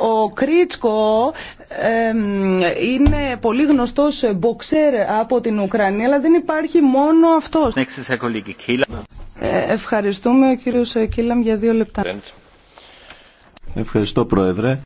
Ο Κρίτσκο είναι πολύ γνωστός μποξέρ από την Ουκρανία, αλλά δεν υπάρχει μόνο αυτός. Ε, ευχαριστούμε κύριο κύριος Κίλαμ για δύο λεπτά. Ευχαριστώ Πρόεδρε.